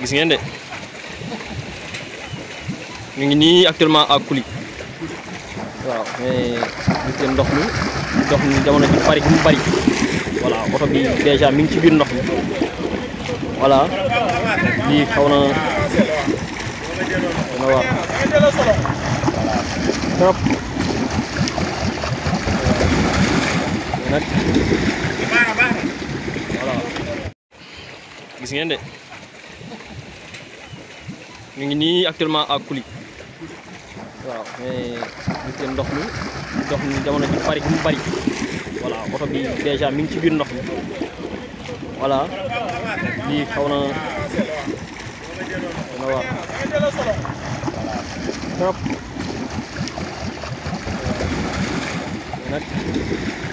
gis ngeen de mu ngi nii actuellement ak Kouly waaw mais gis ngeen ndox mi ndox mi jamono ji bari mu bari voilà oto bi déjà mi ngi ci biir ndox mi voilà lii xaw na dina nag voilà gis ngeen de ñu ngi nii actuellement à Koulik waaw mais gis ngeen ndox mi ndox mi jamono ji bari mu bari voilà oto bi déjà mi ngi ci biir ndox mi voilà lii xaw na waar trop nag